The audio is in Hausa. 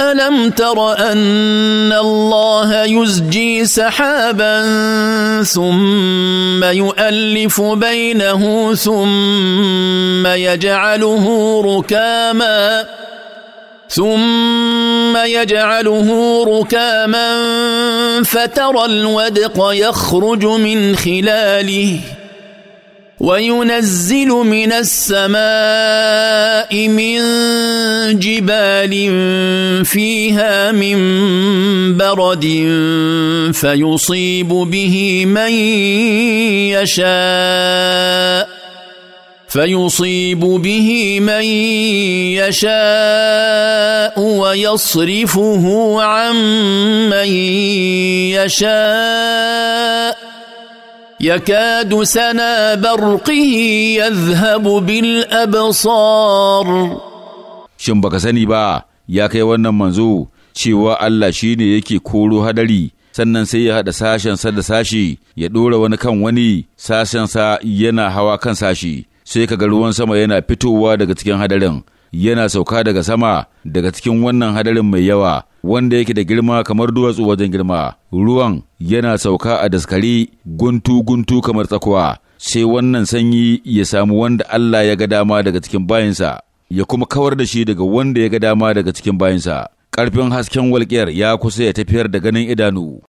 الم تر ان الله يزجي سحابا ثم يؤلف بينه ثم يجعله ركاما ثم يجعله ركاما فترى الودق يخرج من خلاله وينزل من السماء من جبال فيها من برد فيصيب به من يشاء فيصيب به من يشاء ويصرفه عن من يشاء يكاد سنا برقه يذهب بالابصار shin baka sani ba ya kai wannan manzo cewa Allah shine yake koro hadari sannan sai ya haɗa sashensa da sashi ya ɗora wani kan wani sashensa yana hawa kan sashi sai ka ga ruwan sama yana fitowa daga cikin hadarin yana sauka daga sama daga cikin wannan hadarin mai yawa wanda yake da girma kamar duwatsu wajen girma ruwan yana sauka a daskari guntu guntu kamar tsakuwa sai wannan sanyi ya samu wanda Allah ya ga dama daga cikin bayinsa ya kuma kawar da shi daga wanda ya ga dama daga cikin bayinsa ƙarfin hasken walƙiyar ya kusa ya tafiyar da ganin idanu